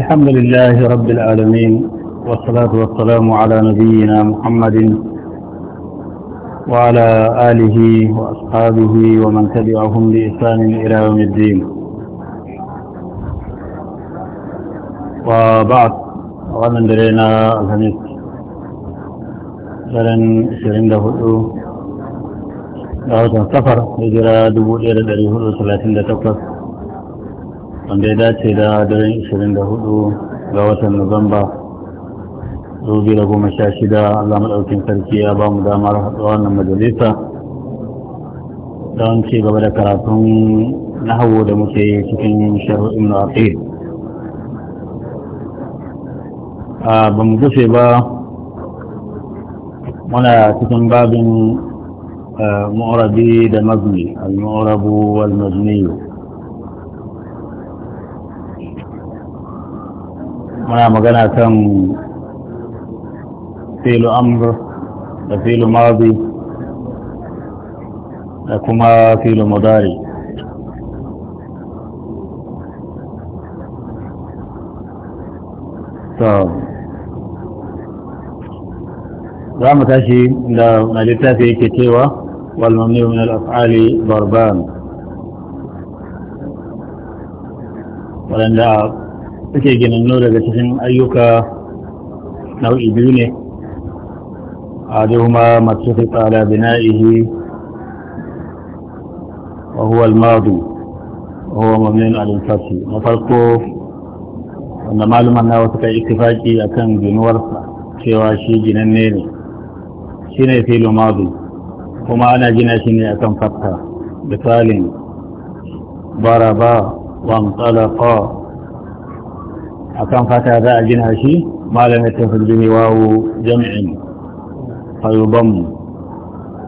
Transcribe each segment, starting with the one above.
الحمد لله رب العالمين والصلاة والسلام على نبينا محمد وعلى آله وأصحابه ومن تبعهم بإحسان إلى يوم الدين وبعد ومن درينا الخميس درن 24 da watan safar hijira 1438 wanda ya dace da daren 24 ga watan Nuwamba 2016 Allah maɗaukin sarki ya ba mu damar haɗuwa wannan majalisa don ci gaba da karatun nahawo da muke cikin shari'in na aqid a ba mu gufe ba muna cikin babin eh, mu'arabi da mazmi al-mu'arabu wal mazmiyu muna magana kan filu amr da filu mazi da kuma filu mudari so za mu tashi da na littafi yake cewa والممنوع من الأفعال ضربان ولن suke ginannu daga cikin ayyuka nau'i biyu ne aduhuma matsufi tsara bina'ihi wa huwa al-madu wa huwa mamnun al-insafi na farko wanda maluman nawa suka ittifaki akan ginuwarsa cewa shi ginanne ne shine filu madu kuma ana gina shi ne akan fatta misalin baraba wa mtsalaka akan fata za a gina shi malamin ta tafi gini wawo jami'in farubanmu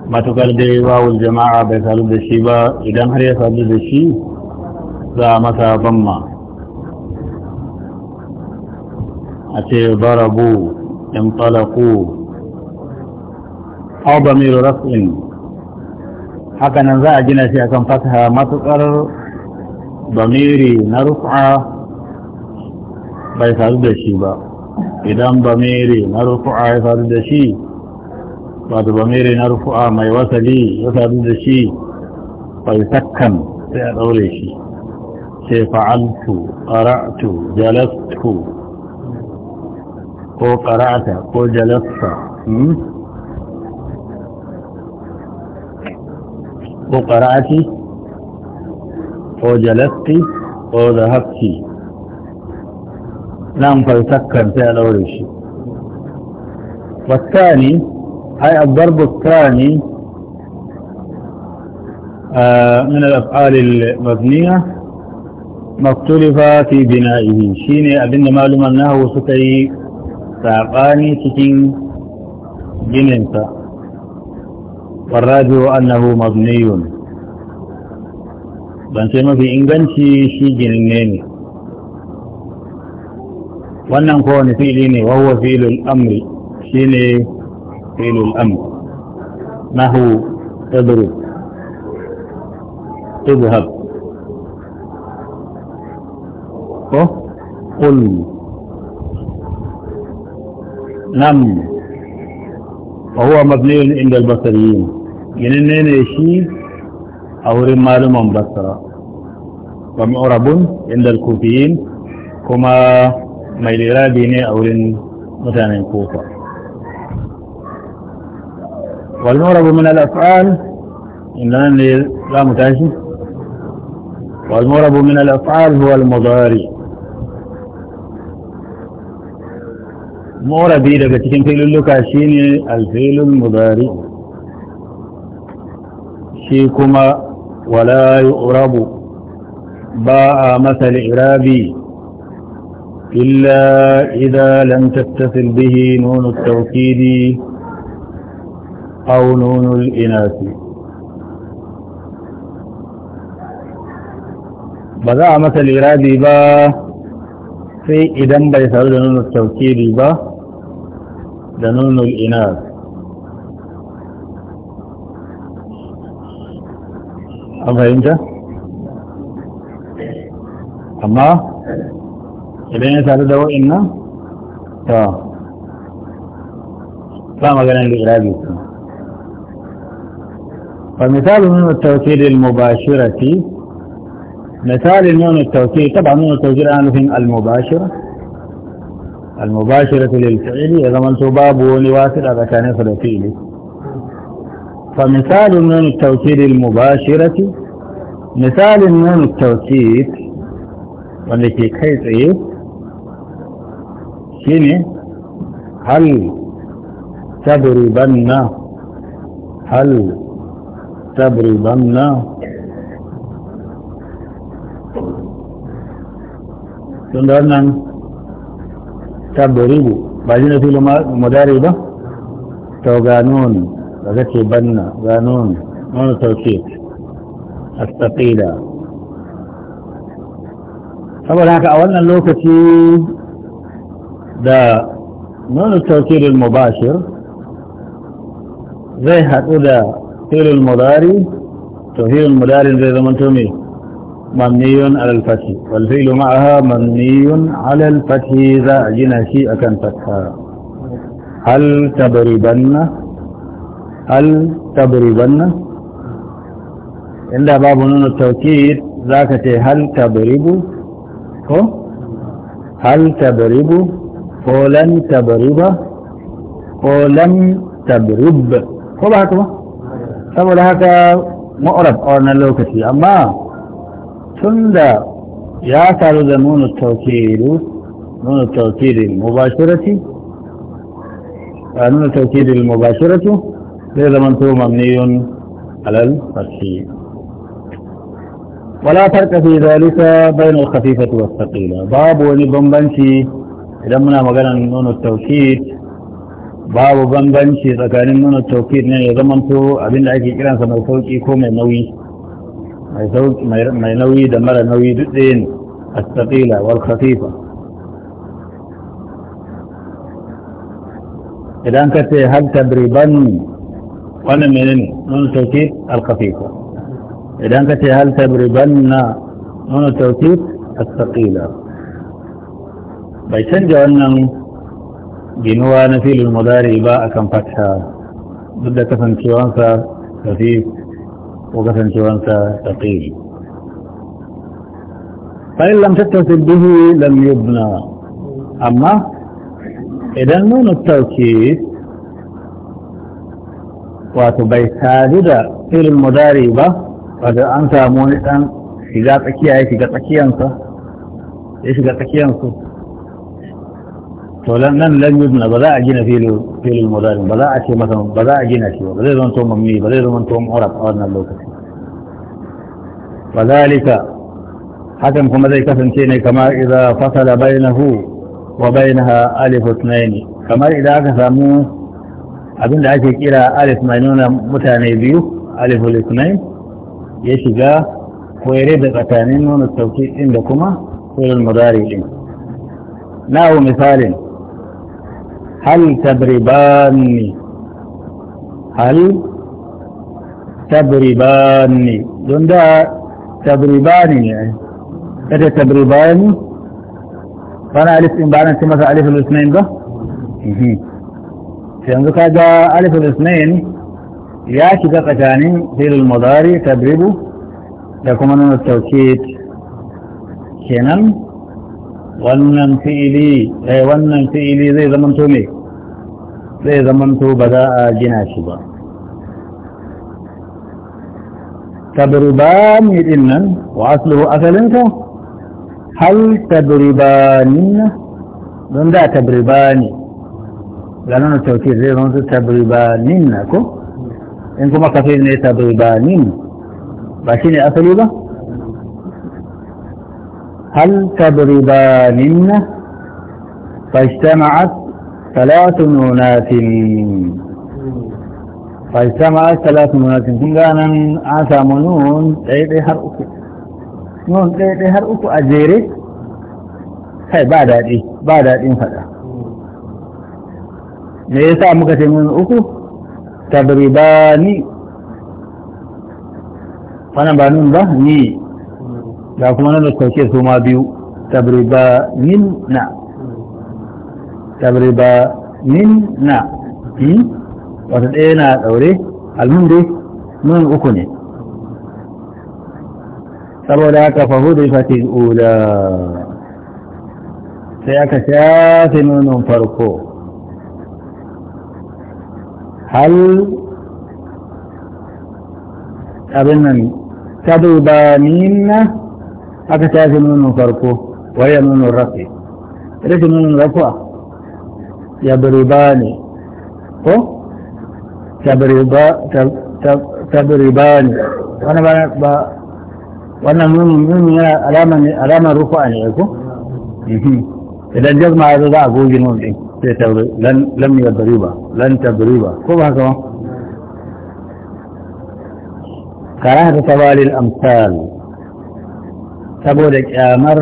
matukar dai wawo jama'a bai salu da shi ba idan har ya salu da shi za a masa banma a ce barabu in talaku au bamiru haka hakanan za a gina shi akan fata matukar bamiri na rufa bai faru da shi ba idan bamere na rufu'a ya faru da shi wato bamere na rufu'a mai wasali ya faru da shi bai sakkan sai a daure shi sai fa'altu ƙara'tu jalastu ko ƙara'ata ko jalasta hmm? ko ƙara'ati ko jalasti ko zahabti نعم فيسكر فعل ورش والثاني أي الضرب الثاني آه من الأفعال المبنية ما اختلف في بنائه شيني أبن معلوم أنه سكي ساقاني تكين جننسا والراجع أنه مبني بان في إنغانشي شي جننيني wannan kowane fili ne wawo filin amri shi ne filul amri nahu idru izhab ko qul nam وهو inda albasar yi جنني ne shi a wurin maluman basara wa mu'rabun inda al kuma mai lirabi ne a wurin mutanen kofa walmurabu min al'af'al inda nan ne za mu tashi walmurabu min al'af'al huwa al-mudari murabi daga cikin filulluka shine alfilul mudari shi kuma wala yu'rabu ba a masa irabi إلا إذا لم تتصل به نون التوكيد أو نون الإناث بدا مثل إرادي با في إذن بيسأل نون التوكيد با نون الإناث أفهمت؟ أما idan ya sadu da wa'in nan to ba maganin da irabi su fa misalin nuna tausirin mubashirati misalin nuna tausir taba nuna tausir ana nufin almubashira almubashirati lilfi'ili ya zama to babu wani wasu da tsakanin su da fi'ili fa misalin nuna tausirin mubashirati misalin nuna tausir wanda ke kai tsaye shine hal tadribanna hal tadribanna tun da wannan tadribu ba ji na filin madari ba to ganon da kake banna ganon wani tauke astaqila saboda haka a wannan lokaci da nuna taukirin mubashir zai haɗu da filin mudari to filin mudari zai zama to mai manniyun alalfati walfilu ma'aha manniyun alalfati za a gina shi a kan hal tabaribanna hal tabaribanna inda babu nuna taukir za ka ce hal tabaribu ko hal tabaribu ko lan tabriba ko lan tabrib ko ba haka ba saboda haka ma'arab a wannan lokaci amma tun da ya faru da nuna taukiru nuna taukirin mubashirati a nuna taukirin mubashiratu zai zama to mamniyun alal fashi ولا فرق في ذلك بين الخفيفة والثقيلة باب وني بمبنشي idan muna maganar nuna tauhid babu bambanci tsakanin nuna tauhid ne ya zamanto abinda ake kiransa mai sauki ko mai nauyi mai nauyi da mara nauyi duk ɗaya ne astaqila wal khafifa idan ka ce hal tadriban wannan menene nuna tauhid al khafifa idan ka ce hal tadriban na nuna tauhid astaqila bai canja wannan ginuwa na filin mudari ba a kan fata duk da kasancewansa tafi ko kasancewansa tafi fa'in lamtattar sabbihi lam yubna amma idan nuna tauke wato bai sadu da filin mudari ba wadda an samu wani ɗan shiga tsakiya ya shiga tsakiyansa ya shiga tsakiyansu to nan lan yubna ba za a gina filin filu mudari ba za a ce masa ba za a gina shi ba zai zama to mamni ba zai zama to mu'rab a wannan lokaci wa zalika hakan kuma zai kasance ne kamar idza fasala bainahu wa bainaha alif ithnain kamar idan aka samu abinda ake kira alif mai nuna mutane biyu alif ithnain ya shiga ko ya da tsakanin nuna sauki din da kuma filin mudari din na misalin هل تبرباني هل تبرباني جندا تبرباني يعني هذا تبرباني فانا الف امبارح انت مثلا الف الاثنين ده في عندك هذا الف الاثنين يا كذا قتاني في المضاري تبربو يكون من التوكيد كنن ونن في لي ونن في لي زي زمن تومي zai zamanto ba za a gina shi ba تضربان إذن وأصله أثلنك هل تضربان دون دا تضربان لأنه التوكيد زي دون تضربان أكو إنكم أكثر من تضربان باشين أثلي با هل تضربان فاجتمعت ثلاث منات فاجتمع ثلاث منات kun ganan an samu nun ɗaiɗai har uku nun ɗaiɗai har uku a jere kai ba daɗi ba daɗin faɗa me yasa muka ce nun uku tadribani wannan ba nun ba ni da kuma nan da sauke su ma biyu tadribanin na tabriba min na wata ɗaya na ɗaure almun dai nun uku ne saboda haka fahudu fatil ula sai aka shafe nunin farko hal abin nan tabriba min na aka shafe nunin farko wayan nunin rafi rashin nunin rafuwa يضربان تبربا تبربان وانا با وانا من من يرى علامة علامة رفع عليكم يعني، اذا جاز ما يرضى اقول جنون لن لم يضربا لن تضربا كيف هكذا كراهة تبالي الامثال saboda kyamar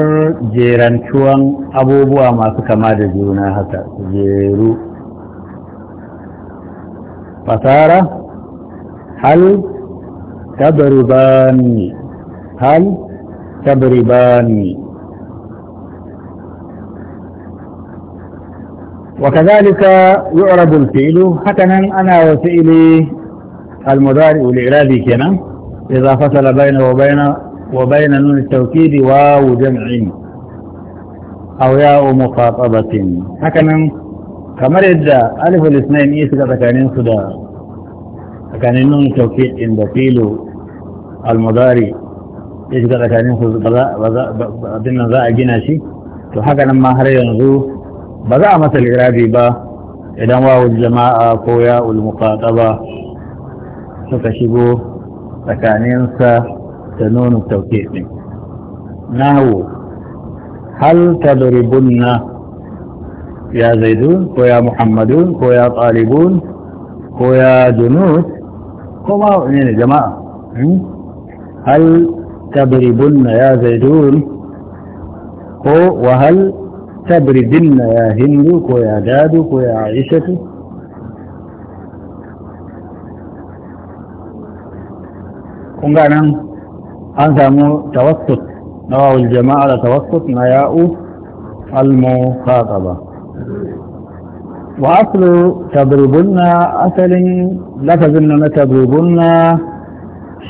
jerantuwan abubuwa masu kama da juna haka jeru fasara hal tabaribani hal tabaribani وكذلك يعرب الفعل حكنا أنا وفعلي المضارع الإعرابي كنا إذا فصل بينه وبين وبين نون التوكيد واو جمع او ياء مخاطبة حكما كما رجع الف الاثنين ايس قد كانين صدا كان نون التوكيد ان دفيل المضاري ايس قد كانين صدا بضاء بضاء بضاء بضاء جناشي وحكا لما هري ينزو بضاء مثل الارابي با اذا واو الجماعة قوياء المخاطبة سكشبو تكانين صدا تنون التوكيد tauke هل تضربن يا زيدون ويا محمدون ويا طالبون ويا جنود كما يعني إيه جماعة هل تضربن يا زيدون وهل تبردن يا هندك ويا دادك ويا عائشة كنغانا أن سامو توسط نواه الجماعة على توسط نياء المخاطبة وأصل تبربنا أصل لفظنا أننا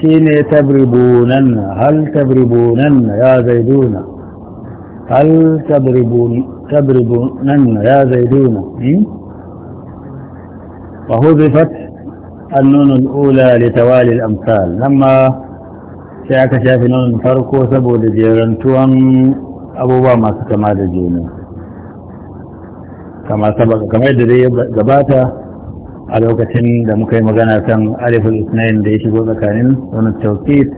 شين تبربونن هل تبربونن يا زيدون هل تضربون تبربونن يا زيدون إيه؟ وهذفت النون الأولى لتوالي الأمثال لما sai aka shafi nan farko saboda jerantuwan abubuwa masu kama da juna kamar yadda zai gabata a lokacin da muka yi magana kan alifin isnayin da ya shigo tsakanin wani taukit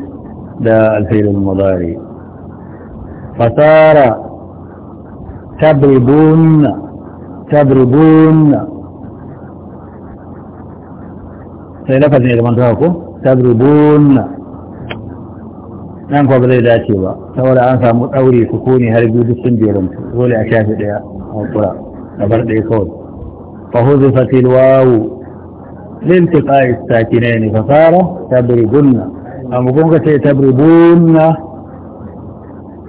da alfailin mazari fasara tabribun sai lafazin ya zama ko tabribun nan kuwa ba zai dace ba saboda an samu ɗaure ku kone har biyu duk sun jerin dole a shafi ɗaya a kura a bar ɗaya kawai fa huzu fatil wawu لالتقاء الساكنين فصار تبربن أما كنت تبربن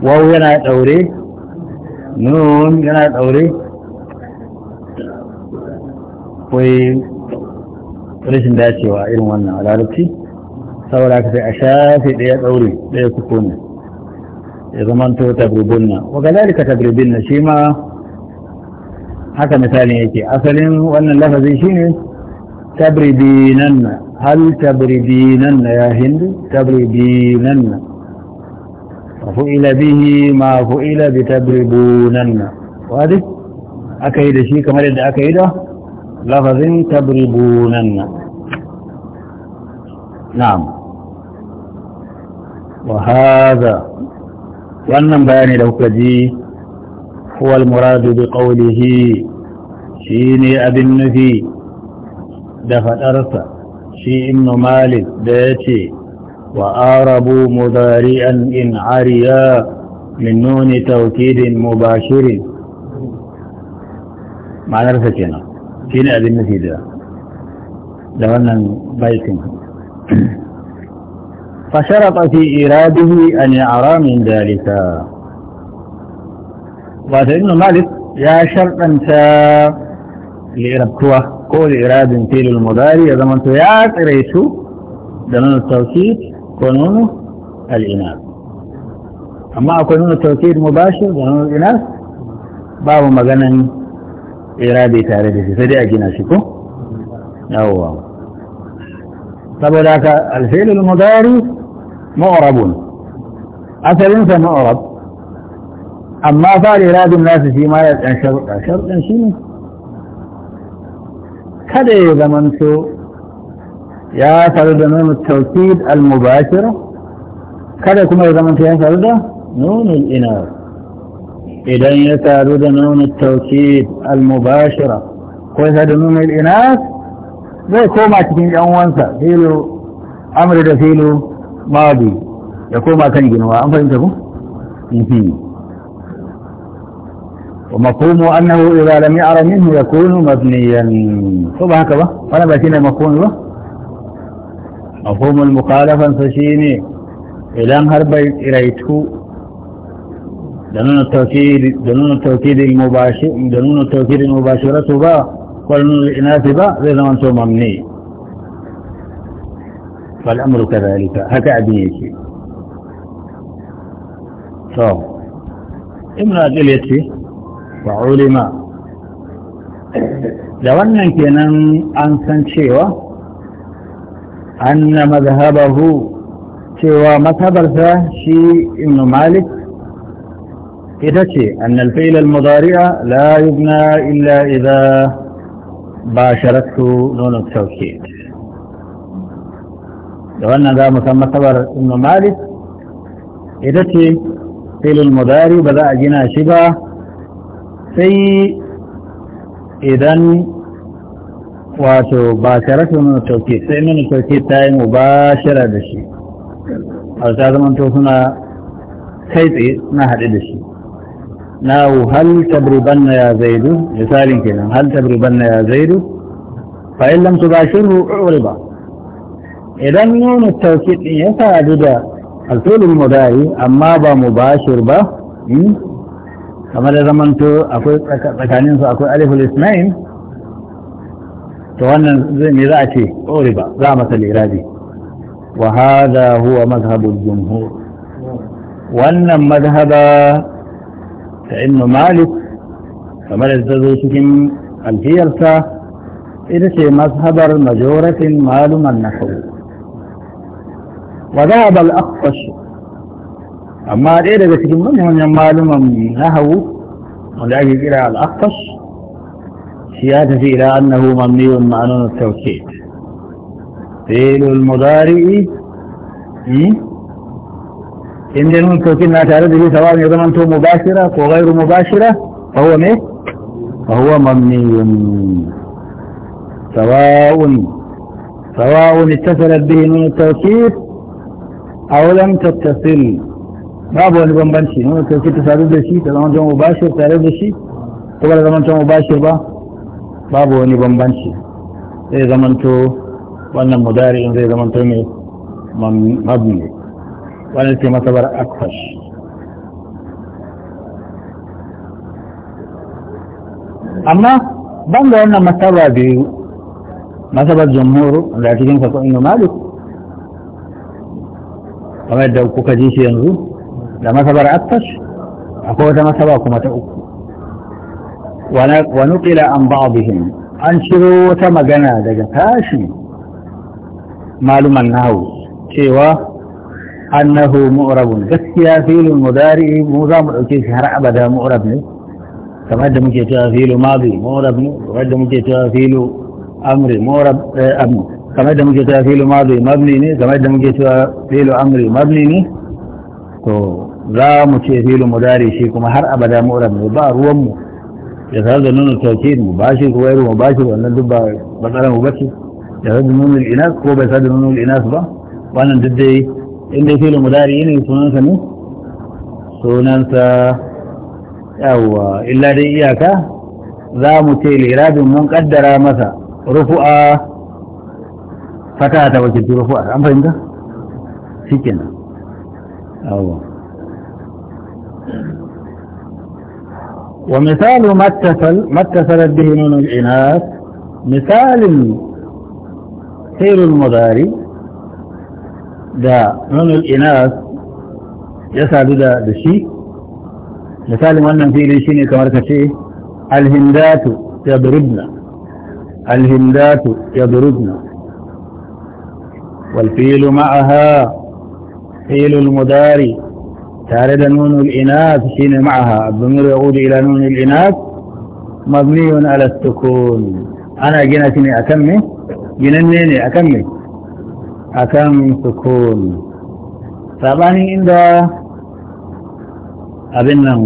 واو ينا دوري نون ينا دوري وي رشن داشي وإن وانا على ربتي سولك في أشافي ليدعوني ليكفوني ضمنته تبربنا وكذلك تبربنا شيما حتى مثال يأتي أصل وأن اللفظ يشيني تبربينن هل تبربينن يا هند تبربينن وفئل به ما فئل بتبربونن وهذه أكيد شيء كما لدى أكيد لفظ تبربونن نعم wa hadha wannan bayani da kuka ji huwa al-muradu bi qawlihi shine abin nufi da fadarsa shi ibn malik da yace wa arabu mudari'an in ariya min nuni tawkidin mubashirin ma'anarsa kenan shine abin nufi da da wannan baitin فشرط في إيراده أن يعرى من ذلك وإنه مالك يا شرطا لإربكوة قول إراد في المضاري إذا من تيات إريسو دمان التوكيد قانون الإناث أما قانون التوكيد مباشر قانون الإناث باب مغنن إرادي تاريخي فدي أجينا شكو طب ذاك الفعل المضارع مغرب اثر انثى مغرب اما فعل اراد الناس فيما ينشر ينشر كذا اذا منسو يا فرد نون التوكيد المباشرة كذا كما اذا منسو يا فرد نون الانار اذا يتارد نون التوكيد المباشرة كذا نون الاناث zai koma cikin yan wansa filo amur da filo mawabi ya koma kan ginawa an fahimta ku mhm wa makomo annahu idza lam ya'ra minhu yakunu mabniyan ko ba haka ba wala ba shine makomo ba makomo al-muqalafan fa shine idan har bai tsiraitu, da nuna tawkid da nuna tawkid al ba والإناث بعض إذا من تمني فالأمر كذلك هكا عدنيتي طب إمنا جليتي وعلم لو ان أنك أن شيوا أن مذهبه شيوا مذهب مذهبه شي ابن مالك إذا شيء أن الفيل المضارع لا يبنى إلا إذا ba sharattu nunan sauke da wannan za mu san matsabar inu malik ita ce filin mudari ba za a gina shi ba sai idan wato ba sharattu nunan sauke sai nunan sauke ta yi mu ba shara da shi a zama to suna kai tsaye na haɗe da shi nahu hal tabribanna ya zaidu misalin kenan hal tabribanna ya zaidu fa in lam tubashiru uriba idan nuna tawkid din sadu da alfilul mudari amma ba mubashir ba hmm? kamar da zamanto akwai tsakanin akwai aliful ismail to wannan zai ne za a ce uriba za a masa lirabi wa hadha huwa mazhabul jumhur wannan mazhaba فإنه مالك فمالك ذو سكين الفيرسة إرسي مذهب المجورة مال من نحو وذهب الأقفش أما إيرا بسكين من هم مال من نحو ولكن إلى الأقفش سيادة إلى أنه مبني معنون التوكيد فيل المضارئ إن دين المتوكين ما تعرض به سواء يضمنته مباشرة وغير مباشرة فهو ميه فهو ممني سواء سواء اتصلت به نون التوكيد او لم تتصل ما هو ان يكون بنشي نون التوكيد تسعد بشي تضمن جمع مباشر تعرض بشي قبل ضمن جمع مباشر با ما هو ان يكون بنشي زي ضمنته وانا مداري زي ضمنته مبني wannan ce masabar akfash amma ban da wannan masaba biyu masabar jamhur da cikin kaso inu malik kamar da kuka ji shi yanzu da masabar akfash akwai wata masaba kuma ta uku wani nuqila an ba'dihim an ciro wata magana daga tashi maluman nahu cewa annahu mu'rabun gaskiya filin mudari mu za mu ɗauke shi har abada mu'rab ne kamar yadda muke cewa filu madi mu'rab ne kamar yadda muke cewa filu amri mu'rab eh, kamar yadda muke cewa filu madi mabni ne kamar yadda muke cewa filu amri mabni ne to za mu ce filu mudari shi kuma har abada mu'rab ne ba ruwan mu ya sa da nuna tauhid mu bashi ko wayar mu bashi wannan duk ba matsalar mu bace ya sa da nuna inas ko bai sa da nuna inas ba wannan duk dai اللي فيه المداريين يسونان سنو سونان سا أو إلا رئيك ذا متيل إراد من قدر مسا رفع فتاة وكبت رفع أم فهمت سكنا أو ومثال ما اتصل ما اتصلت به نون العناس مثال خير المداري da nunul inas ya sadu da da shi misalin wannan fili shine kamar ka ce alhindatu yadribna alhindatu yadribna wal filu ma'aha filul mudari tare da nunul inas shine ma'aha ad-damir yaudu ila nunul inas mabniyun ala sukun ana gina shi ne akan me ginanne ne akan me akan sukun sabanin inda abin nan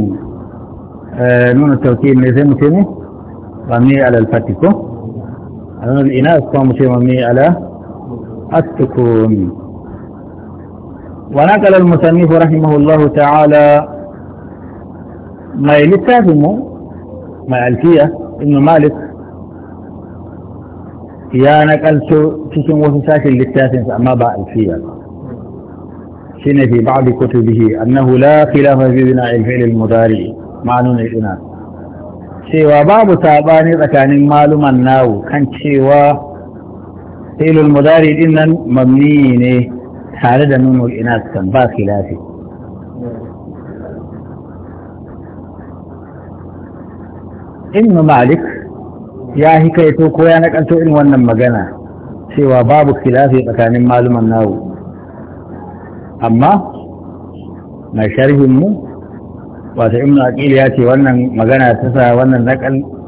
nuna tauki ne sai mu ce ne mami ala alfati ko anan ina su kuma mu ce mami ala as-sukun ونقل المصنف رحمه الله تعالى ما يلتازمه مع الفيه ابن مالك ya nakalto cikin wasu sashin littafinsa amma ba alfiya ba shine fi ba'd kutubihi annahu la khilafa fi bina'il fi'l al-mudari ma'nun al-ina cewa babu sabani tsakanin maluman nawu kan cewa fi'l al-mudari din nan mabni ne tare da nunul inas kan ba khilafi ibn malik ya hikaito ko ya nakanto irin wannan magana cewa babu kilafi tsakanin maluman nawu amma mai sharhin mu wato ibn aqil ya ce wannan magana ta sa wannan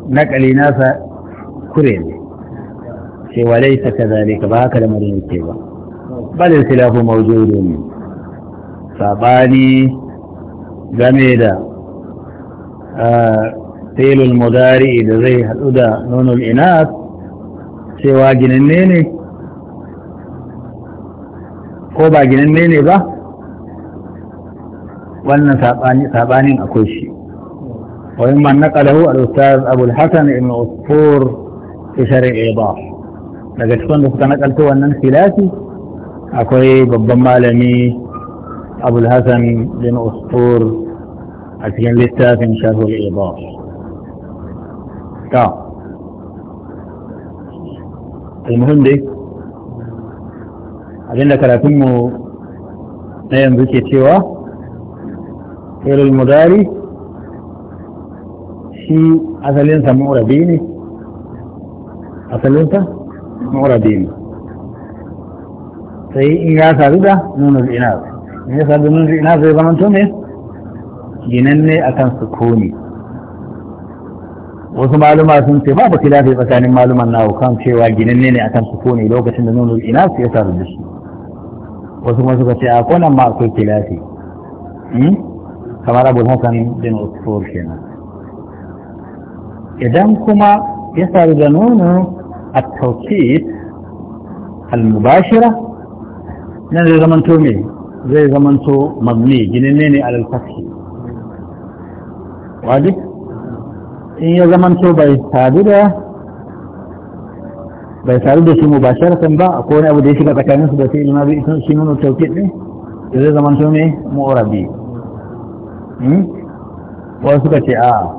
nakali nasa kure ne cewa laisa ka ba haka da marin yake ba bal khilafu mawjudun sabani game da ah, فيل المضارع da zai نون الإناث سوى inas cewa ginanne با ko ba ginanne وإما نقله الأستاذ أبو الحسن ابن أسطور في شرع الإيضاح لقد كنت نقلته أن خلافي أكوي ببما لمي أبو الحسن بن أسطور أتين للتاف شرح الإيضاح ta almuhim dai abinda karatunmu na yanzu ke cewa irin mudari shi asalinsa murabi ne asalinsa murabi ne sai in ya sadu da nunul ina in ya sadu nunul ina zai zama to ne ginanne akan sukuni wasu maluma sun ce babu kilafi tsakanin maluman nawo kan cewa ginanne ne akan su ne lokacin da nunul ina su ya taru da shi wasu kuma suka ce a konan ma akwai kilafi hmm? kamar abu hasan bin usfur kenan idan kuma ya faru da nono a tauki al-mubashira nan zai zamanto me zai zamanto mabni ginanne ne alal fathi wajib in ya zamanto bai sadu da bai sadu da shi mubasharatan ba ko wani abu da ya shiga tsakanin su da sai ilma bi shi nuna tauƙi din da zai zamanto ne mu'rabi hmm? wasu suka ce a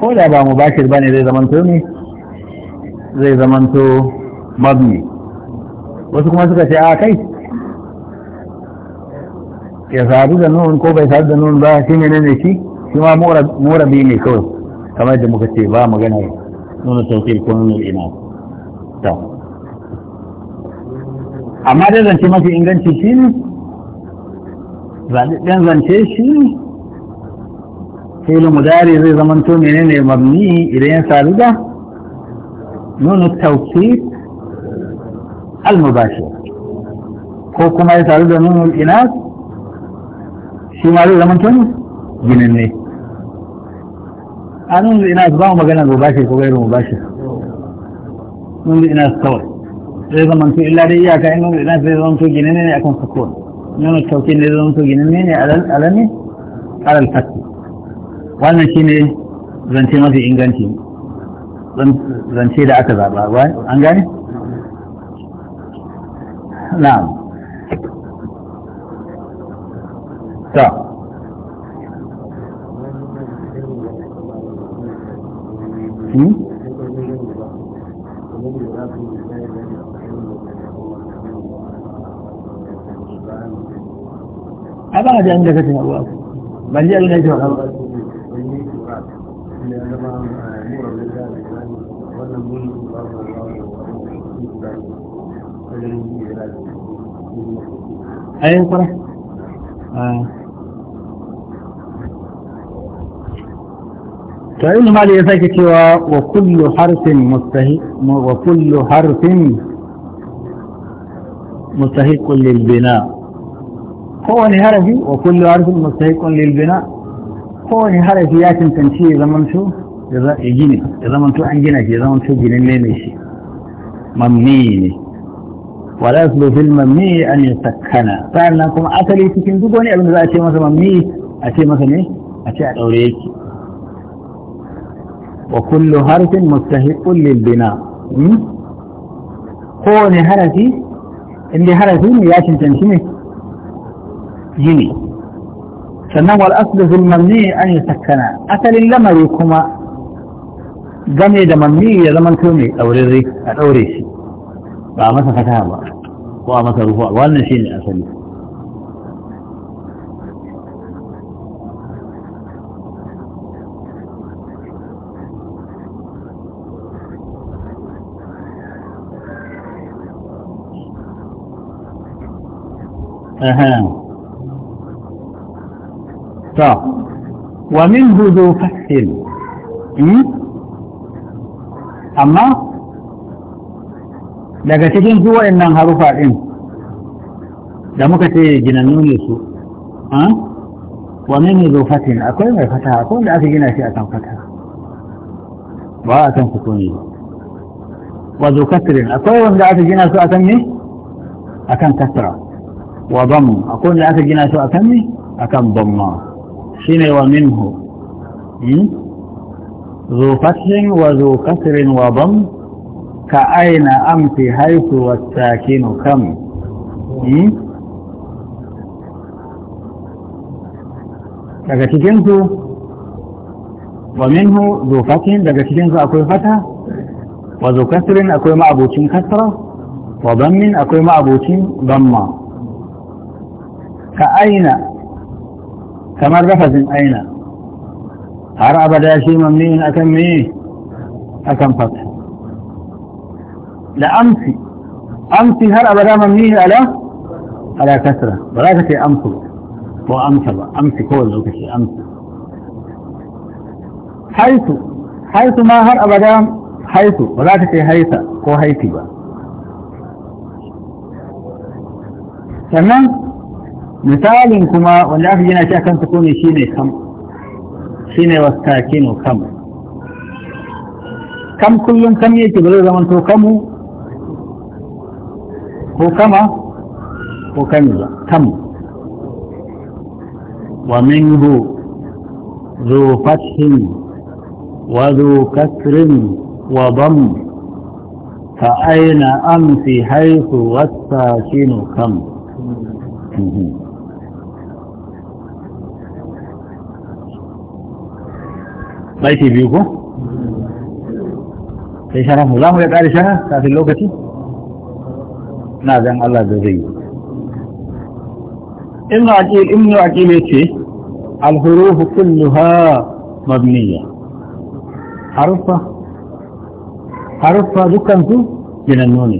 ko da ba mubashir bane zai zamanto ne zai zamanto mabni wasu kuma suka ce a kai ya sadu da nun ko bai sadu da nun ba shi ne ne shi shi ma murabi ne kawai kamar da muka ce ba magana nuna sauƙi ko nuna ina ta amma dai zance mafi inganci shi ne zaɗaɗɗen zance shi ne filin mudari zai ne ne mabni idan ya sa da nuna tausayi al ko kuma ya sa da nuna ina shi ma zai to ne ginin ne A an yanzu ina su ba mu magana mubashir ko gairu mubashir yanzu ina su kawai zai zama to illa dai iyaka in yanzu ina su zai zama to gine ne akan sukun yanzu tauki ne zai zama to gine ne alami alal fasi wannan shi ne zance mafi inganci zance da aka zaɓa ba an gane? na'am ta a ba da an daga abuwa ban ji ya ayin To yin ma ya sake cewa wa kullu harfin mustahi wa kullu harfin mustahiqun lil bina kowane harafi wa kullu harfin mustahiqun lil bina kowane harafi ya cancanci ya zamanto ya gine ya zamanto an gina shi ya zamanto ginin ne shi mamni ne wala yaslu fil mamni an yusakkana sa'annan kuma asali cikin duk wani abin da za a ce masa mamni a ce masa ne a ce a daure yake وكل حرف مستحق للبناء كون حرف اللي حرف ياشن تنشمه جني فنو الأصل في المبني أن يسكن أتل لما يكما جني دمني لمن كوني أوريري أوريسي وأمسك هذا وأمسك رفوع وأنشيني أصلي ta wa min hudu fasil hmm? amma daga cikin su nan harufa ɗin da muka ce ginannu ne su wa ne hudu fasil akwai mai fata akwai da aka gina shi a kan fata ba a kan sukuni ne wa zo kasirin akwai wanda aka gina su a kan ne a kan kasra wa bam akwai aka gina su akan ne akan bamma shine wa minhu ذو فتح وذو كسر وضم كأين أمت حيث والساكن كم daga cikinsu wa zo fatin daga cikinsu akwai fata wa zo akwai ma'abocin kasra wa zammin akwai ma'abocin zamma كأين كمر رفز أين أرأب داشي ممنين أكميه أكم فتح لأمسي أمسي هل أبدا ممنين ألا ألا كسرة ولا تكي أمسي وأمسي أمسي كل وكشي أمسي حيث حيث ما هر أبدا حيث ولا تكي حيث كو حيث بقى. misalin kuma wanda aka gina shi akan shi shine kam shine wastakinu kam kam kullum kam yake ba zai zama to kamu ko kama ko kami ba kamu ومنه ذو فتح وذو كسر وضم فأين أم في حيث والساكن كم baiti biyu ko sai sharafu za mu ya ƙari shara fi lokaci na zan Allah da zai In aqil ibn aqil ce alhuru, huruf kulluha mabniya haruffa, haruffa dukkan su ginannu ne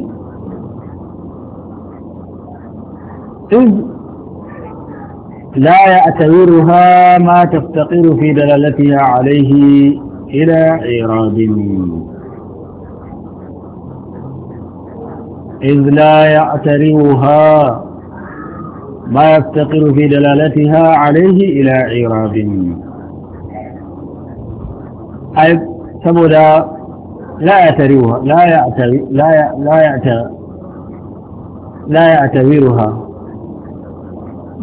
لا يعتبرها ما تفتقر في دلالتها عليه إلى إيراد إذ لا يعتبرها ما يفتقر في دلالتها عليه إلى إيراد أي سبدا لا يعترضها لا يعتبرها لا لا لا يعتبرها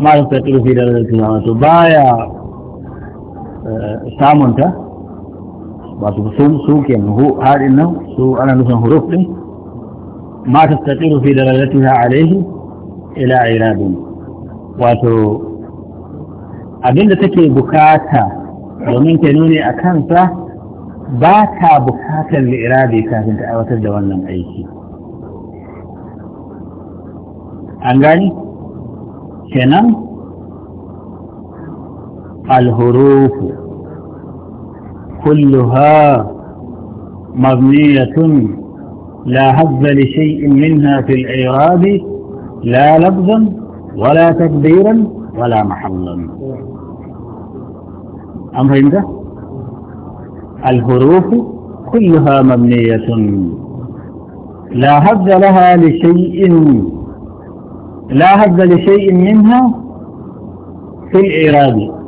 ما يستقل في درجة القيامة بايا آه، سامنتا باتو سوم سو كيان هو هاد انه سو انا نسان حروف إيه. ما تستقل في درجتها عليه الى عراد واتو abinda take bukata domin ta nune a kansa ba ta bukatar li'irabi kafin ta هنا الحروف كلها مبنية لا هز لشيء منها في الإعراب لا لفظا ولا تكبيرا ولا محلا أمر عنده الحروف كلها مبنية لا هز لها لشيء لا هد لشيء منها في الإرادة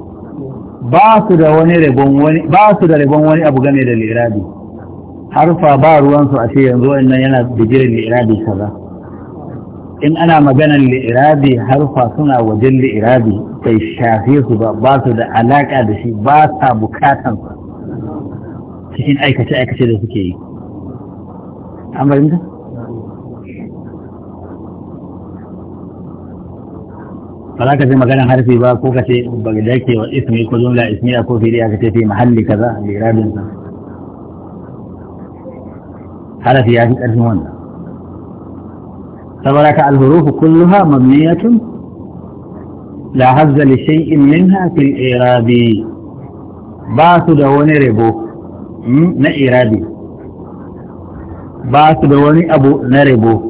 ba su da wani wani ba su da rabon wani abu game da lirabi harfa ba ruwansu a ce yanzu wannan yana bigirin lirabi kaza in ana maganar lirabi harfa suna wajen lirabi bai shafe su ba su da alaka da shi ba sa bukatan cikin aikace aikace da suke yi ba za ka ce maganar harfi ba ko ka ce ba da ke wa ismi ko jumla ismi a ko fi'liya ka ce fi mahalli kaza da irabin sa ya fi ƙarfin wannan saboda ka alhurufu kulluha mamniyatun la hazza li shay'in minha fil irabi ba su da wani hmm, na irabi ba su da wani abu na rabo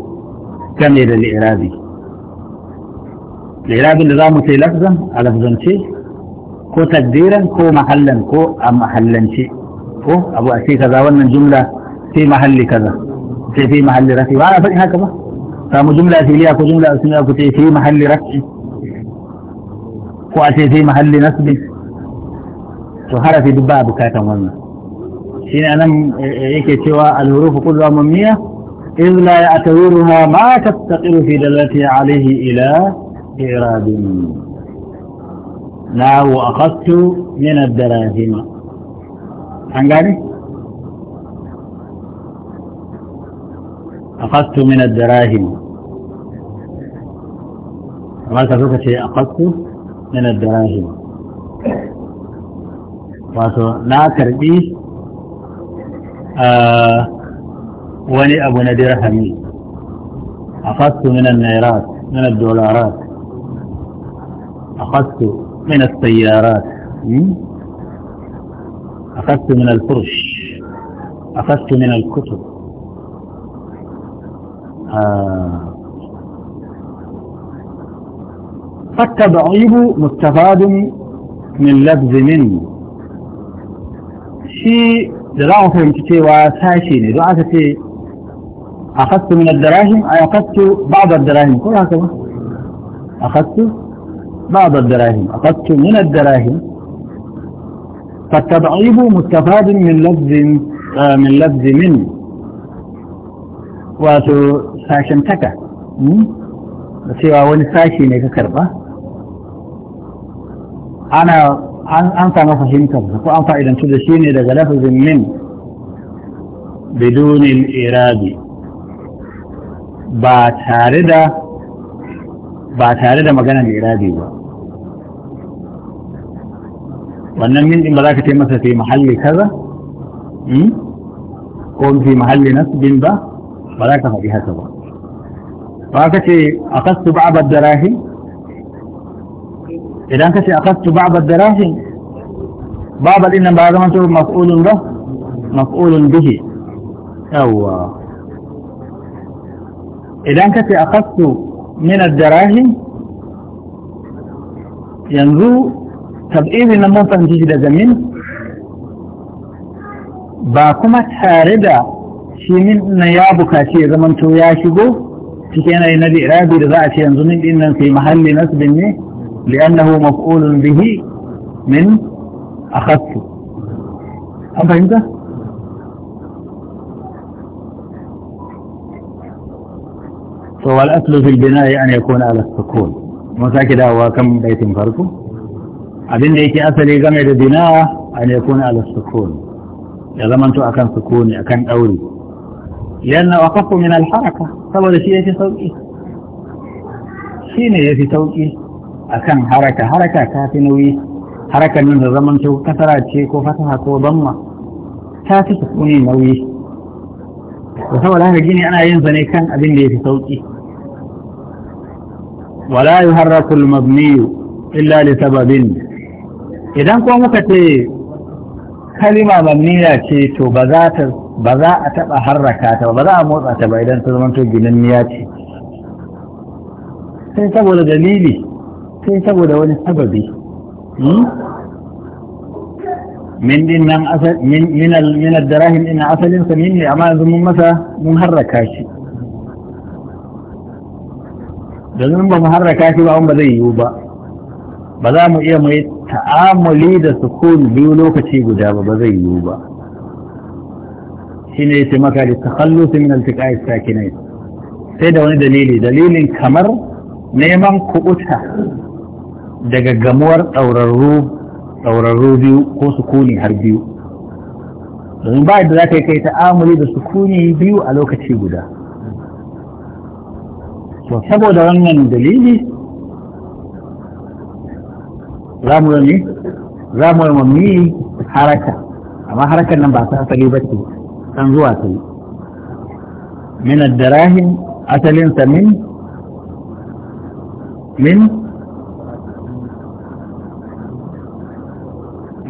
da irabi lirabin da za mu sai lafzan a lafzance ko tadbiran ko mahallan ko a mahallance ko abu a sai kaza wannan jumla sai mahalli kaza sai fi mahalli rafi ba ana faɗin haka ba samu jumla a filiya ko jumla a asmiya ku ce fi mahalli rafi ko a ce fi mahalli nasbi to harafi duk ba bukatan wannan shi ne anan yake cewa al-hurufu kulluha mamniya إذ لا يعتبرها ما تفتقر في دلالتها عليه إلى قراد لا وأخذت من الدراهم عن قال أخذت من الدراهم الله تفوق شيء أخذت من الدراهم فاتو لا تربي آه، ولي أبو ندرهمي أخذت من النيرات من الدولارات أخذت من السيارات أخذت من الفرش أخذت من الكتب آه. فالتبعيب مستفاد من لفظ من شيء دراهم فهمتتي وساشي دعاة تي أخذت من الدراهم أي أخذت بعض الدراهم كلها هكذا أخذت بعض الدراهم أخذت من الدراهم فالتضعيب مستفاد من لفظ آه، من لفظ من واسو ساشن تكا سوى وان ساشن كربا أنا أنت ما فهمت فأنت إذا تدشيني إذا لفظ من بدون الإرادة ba tare da ba tare da magana da iradi ba wannan min din ba za ka ce masa fi mahalli kaza ko fi mahalli nasbin ba ba za ka faɗi haka ba ba ka ce a kastu ba'abar darahim idan ka ce a kastu ba'abar darahim ba'abar ɗin nan ba zama to maf'ulun ba maf'ulun bihi yawwa idan ka ce a kastu da Rahim, yanzu tab'ibin nan mun fahimci daga min ba kuma tare da shi min na ya bukaci ya zamanto ya shigo cikin yanayi na irabi da za a ci yanzu min din nan sai mahalli nasbin ne li'annahu maf'ulun bihi min akhassu an fahimta والأصل في البناء أن يكون على السكون مساكد هو كم بيت فرقه abin da yake asali game da bina an yakuna ala sukun ya zamanto akan sukuni akan dauri yana waqafu min al haraka saboda shi yake sauki shine yafi sauki akan haraka haraka ta fi nauyi harakan nan da zamanto kasara ce ko fataha ko damma ta fi sukuni nauyi saboda haka gini ana yin sa ne kan abin da yafi sauki wala yuharraku al-mabni illa li sababin idan kuma muka ce kalima mabniya ce to ba za ta ba za a taba harraka ta ba za a motsa ta idan ta zama to ginanniya ce sai saboda dalili sai saboda wani sababi min din nan min min al min in asalin sa min ne amma yanzu mun masa mun harraka shi zan ba mu harraka shi ba ba zai yiwu ba ba za mu iya mai ta'amuli da sukun biyu lokaci guda ba ba zai yiwu ba shi ne ya ce maka da takhallusi min altiqa'i sakinai sai da wani dalili dalilin kamar neman kubuta daga gamuwar ɗaurarru biyu ko sukuni har biyu domin ba da za ka yi kai ta'amuli da sukuni biyu a lokaci guda to saboda wannan dalili za mu ne za mu yi mamni haraka amma harakar nan ba ta asali ba ce san zuwa ta yi min ad-darahim asalin sa min min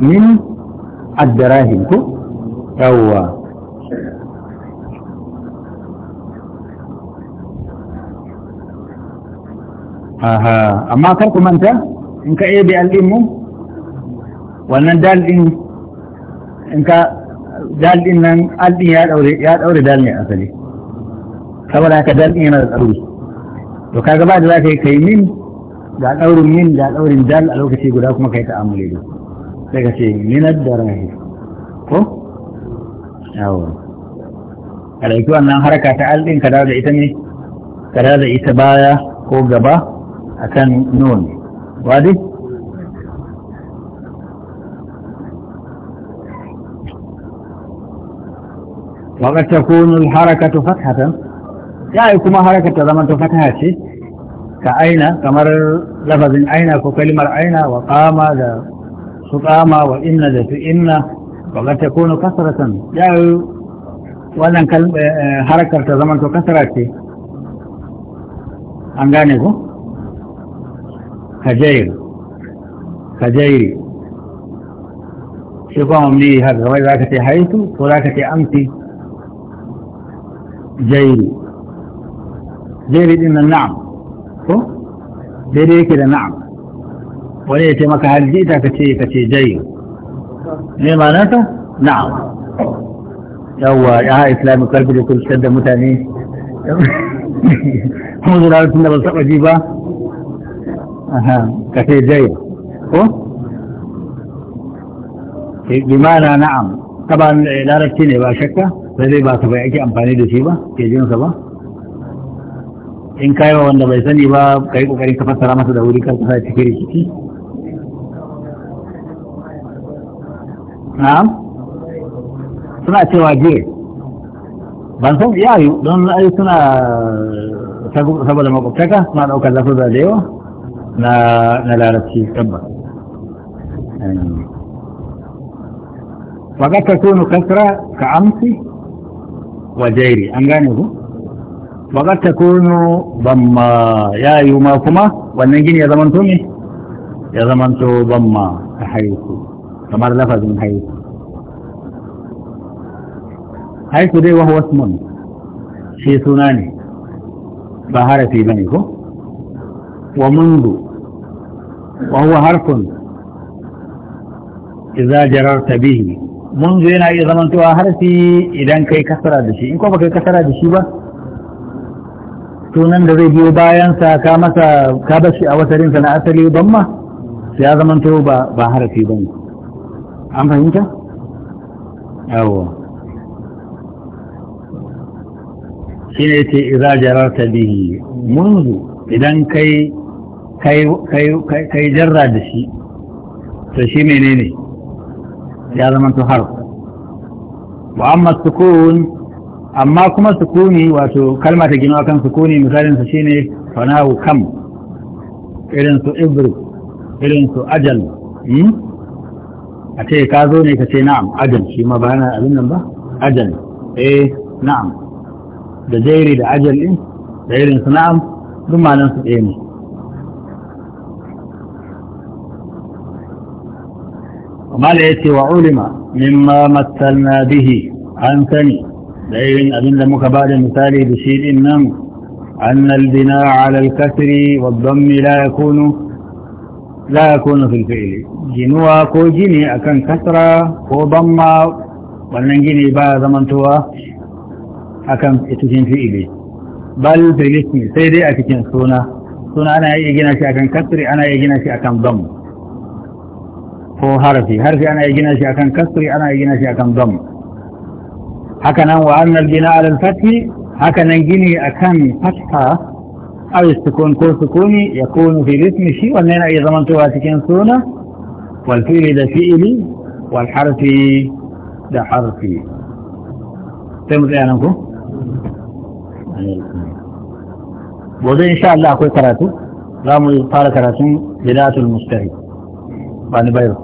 min ad-darahim ko yawwa aha amma kar ku manta in ka ebe al'in mu wannan dalɗin in ka dalɗin nan al'in ya daure ya daure dal ne asali saboda haka dalɗin yana da tsauri to kaga ba da zaka yi kai min da daurin min da daurin dal a lokaci guda kuma kai ta'amuli da sai ka ce da darahi ko yawo ka dauki wannan haraka ta al'in ka dawo da ita ne ka dawo da ita baya ko gaba أكان نون وادي وقد تكون الحركة فتحة يعني كما حركة زمن فتحة كأين كمر لفظ أين كلمة أين وقام ذا سقام وإن ذا إن وقد تكون كسرة يعني وأن حركة زمن كسرة an hajair hajairi shi kuma mli haka wai za ka ce haitu ko za ka ce amsi jairi jairi din nan na'am ko daidai yake da na'am wani ya ce maka haljita ka ce ka ce jairi ne ma nasa na'am yawwa ya islamic karfi da kusurtar da mutane kuma zura tun da ba saba ji ba ka ce jai ko eh, bimana na'am taban eh, larabci ne ba shakka sai zai ba ka bai ake amfani da shi ba ke jinsa ba in ka yi wa wanda bai sani ba ka yi kokarin ka fassara masa da wuri kar kasa cikin rikici na'am suna cewa je ban san yayu don ayi suna eh, saboda makwabtaka suna daukar lafiya da yawa na, na larabci tabba ba ka tono kasra ka amsi wa jairi an gane ku ba ka tono bamma ya yi ma kuma wannan gini ya zamanto ne ya zamanto bamma ka haiku kamar lafazin haiku haiku dai wahu wasu mun shi suna ne ba harafi ba ne ko ومنذ وهو حرف إذا جررت به منذ هنا إذا من توا حرفي إذا كي كسر هذا الشيء إن كوبا كي كسر هذا الشيء tunan da zai biyo bayan sa ka masa bashi a wasarin na asali don ma sai ya zama ba ba harafi ba ne an fahimta yawo shine yace idza jararta bihi munzu idan kai kai jarra da shi to shi menene ya zama to har wa amma sukun amma kuma sukuni wato kalma ta gina kan sukuni misalin su shine fanahu kam irin su ibru irin su ajal hmm? a ce ka zo ne ka ce na'am ajal shi ma bana abin nan ba ajal eh na'am da jairi da ajal din da irin su na'am duk malan su ɗaya ne amala ya ce wa ulima mimma matsalna bihi an sani da yin abinda muka bada misali da shi din nan annal bina ala alkasri wa dhammi la yakunu la yakunu fil ginuwa ko gini akan kasra ko dhamma wannan gini ba zamantowa akan itin fi'ili bal fil sai dai a cikin suna suna ana iya gina shi akan kasri ana iya gina shi akan dhamma ko harfi harfi ana gina shi akan kasri ana gina shi akan dam haka nan wa annal bina alal fathi haka nan gini akan fatha aw sukun ko sukuni yakunu fi ismi shi wa wannan yana iya zamantowa cikin suna wal fi'li da fi'li wal harfi da harfi sai mu tsaya nan ko gobe insha Allah akwai karatu za mu fara karatun bidatul mustahid bani ni bayro